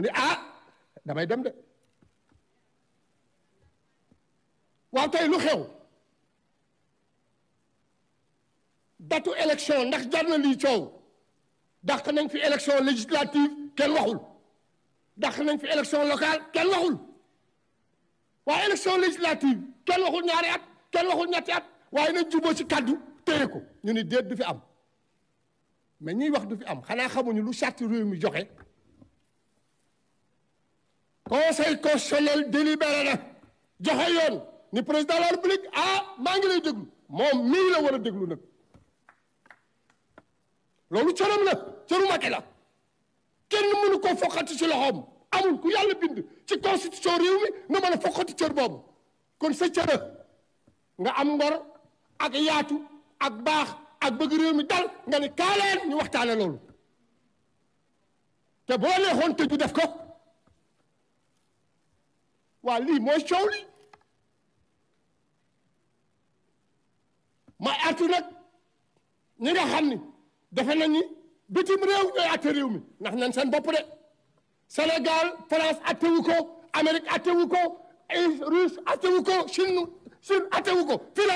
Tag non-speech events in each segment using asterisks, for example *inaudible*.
mu ni ah damay dem de waaw tey lu xew datu élection ndax jar na lii coow dàq nañ fi élection législative kenn waxul dàq nañ fi élection locale kenn waxul waaye élection législative kenn waxul ñaari at kenn waxul ñetti at waaye nañ juboo ci kàddu téye ko ñu ni déet du fi am mais ñuy wax du fi am xanaa xamuñu lu charte réew mi joxe conseil constitutionnel délibéré na joxe yoon ni président la république ah maa ngi lay déglu moom mii la war a déglu nag loolu cëram la cëru Macky la kenn mënu ko foqati ci loxoom amul ku yàlla bind ci constitution réew mi nga mën a foqati kon sa nga am ngor ak yaatu ak baax ak bëgg réew mi dal nga ne kaaleen ñu waxtaane loolu te boo neexoon tëju def ko waa lii mooy coow li may nag ñi nga ni defe nañ ni bitim réew ñooy atte réew mi ndax nañ seen bopp de Sénégal France attewu ko Amérique attewu ko Russe attewu ko Chine Chine attewu ko fii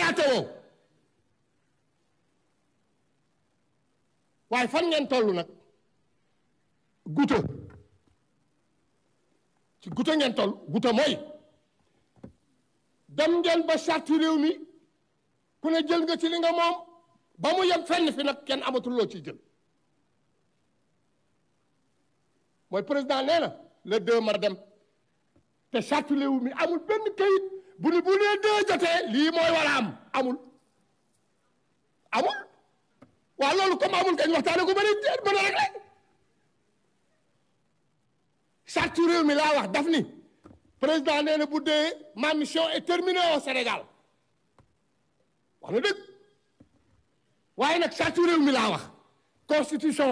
ngeen toll nag guto ci guta ngeen toll guta mooy dem ngeen ba charte réew mi ku ne jël nga ci li nga moom ba mu yem fenn fi nag kenn amatul loo ciy jël mooy président nee na le deux dem te charte réew mi amul benn kayit bu ni bu nee deux jotee lii mooy war a am amul amul waaw loolu comme amul kañ waxtaane ko ba ne mën a rek rek charte réew mi laa wax daf ni président nee na bu dee ma mission est terminée au Sénégal wax na dëgg waaye nag charte réew mi laa wax constitution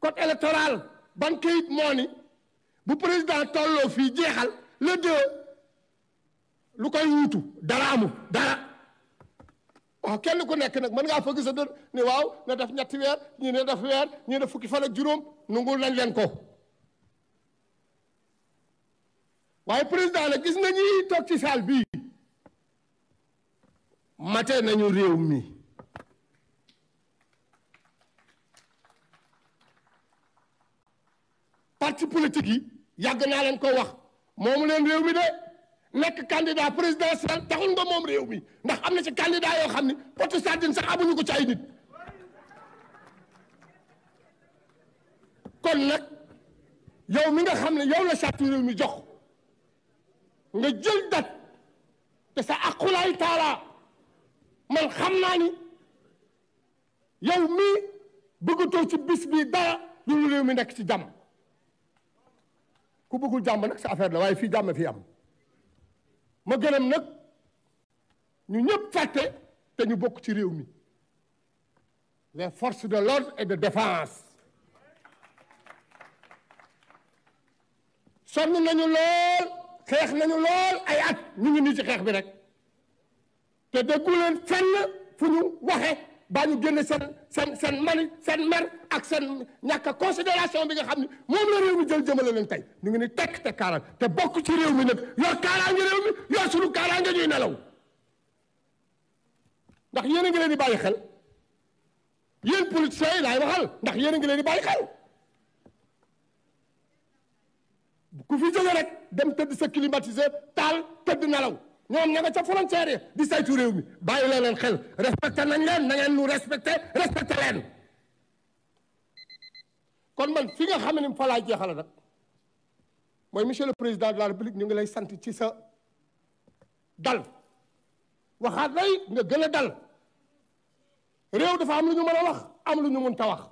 code électoral ban kayit moo bu président tolloo fii jeexal le deux lu koy wuutu dara amul dara waaw kenn ku nekk nag mën ngaa fëgg sa dër ne waaw na def ñetti weer ñi ne def weer ñi ne fukki fan ak juróom nungul nañ leen ko waaye président la gis nañuy toog ci saal bii mate nañu réew mi parti politique yi yàgg naa leen ko wax moomu leen réew mi de nekk candidat présidentiel taxul nga moom réew mi ndax am na si candidat yoo xam ni potu sardine sax amuñu ko ci ay nit kon nag yow mi nga xam ne yow la charte réew mi jox nga jël dat te sa aqulaay taala man xam naa ni yow mii ci bis bii dara lu réew mi nekk ci jàmm ku bëggul jàmm nag sa affaire la waaye fii jàmm fi am ma gërëm nag ñu ñëpp fàtte te ñu bokk ci réew mi les forces de l'ordre et de défense sonn nañu lool xeex nañu lool ay at ñu ngi nii ci xeex bi rek te déggu leen fenn fu ñu waxe baa ñu génne seen seen seen mari seen mer ak seen ñàkk considération bi nga xam ne moom la réew mi jël jëmale leen tey ñu ngi ni tekk te kaaraan te bokk ci réew mi nag yor kaaraange réew mi yor suñu kaaraange ñuy nelaw ndax yéen a ngi leen di bàyyi xel yéen politiciens yi laay waxal ndax yéen a ngi leen di xel ku fi jóge rek dem tëdd sa climatiseur taal tëdd nelaw ñoom ña nga ca frontière yi di saytu réew mi bàyyi la leen xel respecté nañ leen na ngeen nu respecté respecté leen kon man fi nga xam ne fa laay jeexal nag mooy monsieur le président de la république ñu ngi lay sant ci sa dal waxaat lay nga gën a dal réew dafa am lu ñu mën a wax am lu ñu mun ta wax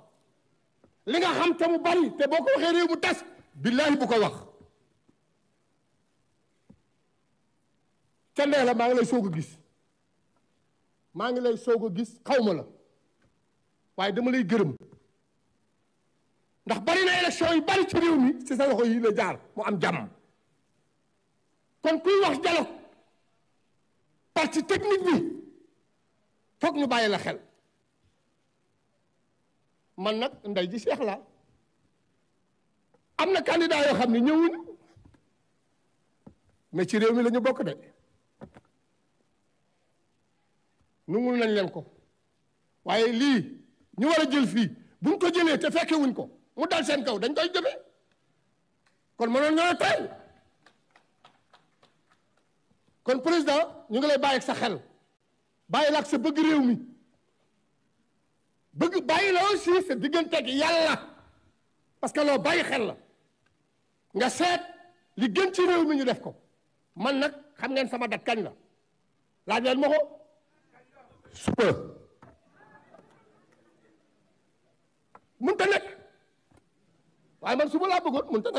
li nga xam te mu bari te boo ko waxee réew mu tas billaahi bu ko wax ca ndee la maa ngi lay soog a gis maa ngi lay soog a gis xaw ma la waaye dama lay gërëm ndax bari na élection yu bari ci réew mi ci sa loxo yi la jaar mu am jàmm kon kuy wax dialogue parti technique bi foog ñu bàyyi la xel man nag ndey ji seex am na candidat yoo xam ne ñëwuñu mais ci réew mi lañu bokk de nungul nañ leen ko waaye lii ñu war a jël fii buñ ko jëlee te fekke wuñ ko mu dal seen kaw dañ koy jëmee kon mënoon ñoo tey kon président ñu ngi lay bàyyi ak sa xel bàyyi la ak sa bëgg réew mi bëgg bàyyi la aussi sa diggante ak yàlla parce que loo bàyyi xel la nga seet li gën ci réew mi ñu def ko man nag xam ngeen sama dat kañ la laaj leen ma ko suba mënta nekk waaye man suba laa bëggoon mënta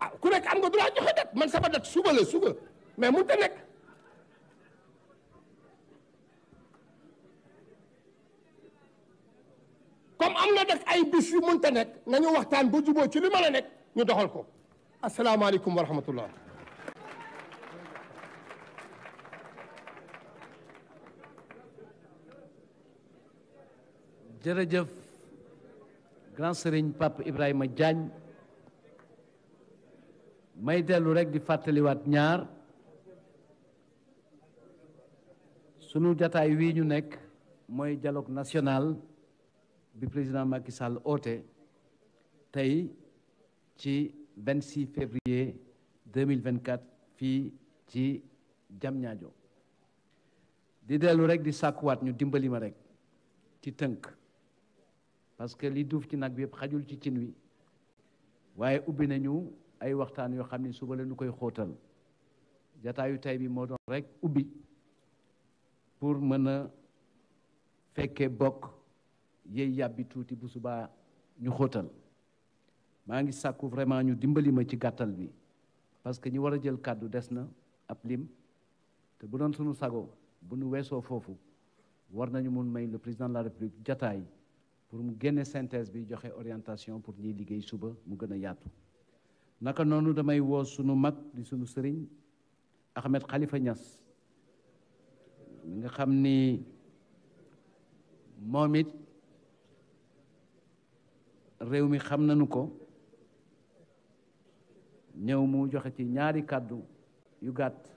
ah, ku nekk am nga droit joxe man sama date suba la suba mais mënta nekk comme am na nag ay bis yu na nekk waxtaan ba juboo ci li mën a nekk ñu doxal ko asalaamaaleykum wa rahmatullah jërëjëf grand sëriñ Pape Ibrahima Diagne may dellu rekk di fàttaliwaat ñaar sunu jataay wii ñu nekk mooy dialogue national bi président Macky Sall oote tey ci 26 février 2024 fii ci Diamniadio di dellu rek di sàkkuwaat ñu dimbali ma rekk ci tënk parce que li duuf ci nag bi yëpp xajul ci cin wi waaye ubbi nañu ay waxtaan yoo xam ne suba la ñu koy xóotal jataayu tay bi moo doon rek ubbi pour mën a fekkee bokk yey yàbbi tuuti bu suba ñu xóotal maa ngi sàkku vraiment ñu dimbali ma ci gàttal bi parce que ñu war a jël kàddu des na ab lim te bu doon sunu sago bu nu weesoo foofu war nañu mun may le président de la république jataay pour mu génne synthèse bi joxe orientation pour ñiy liggéey suba mu gën a yaatu naka noonu damay woo sunu mag di sunu sëriñ Ahmed xalifa Niass mi nga xam ni moom it réew mi xam nañu ko ñëw mu joxe ci ñaari kàddu yu gàtt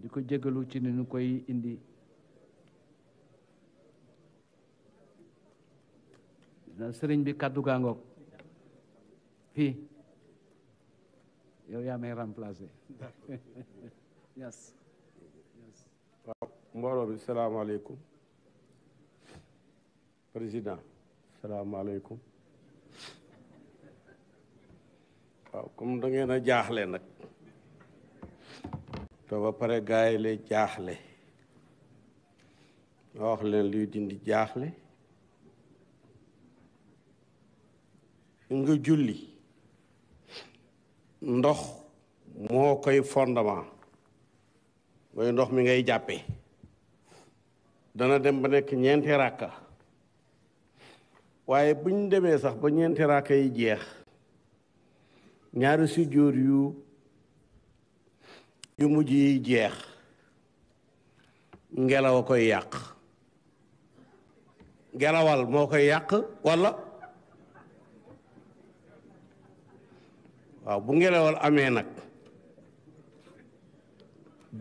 di ko jégalu ci ni ñu koy indi sëriñ bi kaddu gaa ngoog yow yaa may remplacer *laughs* waaw mbooloo bi salaamaaleykum président salaamaaleykum waaw comme da ngeen a jaaxle nag te ba pare gaay yi jaaxle ma wax leen luy dindi jaaxle nga julli ndox moo koy fondement mooy ndox mi ngay jàppe dana dem ba nekk ñeenti ràkka waaye bu ñu demee sax ba ñeente ràkka yi jeex ñaari sujjóot yu yu mujj yi jeex ngelaw a koy yàq ngelawal moo koy yàq walla waaw bu ngelawal amee nag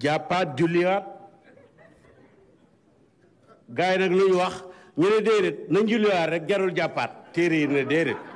jàppaat julliwaat gars yi nag lu wax ñu ne déedéet nañ julliwaat rek jarul jàppaat téere yi ne déedéet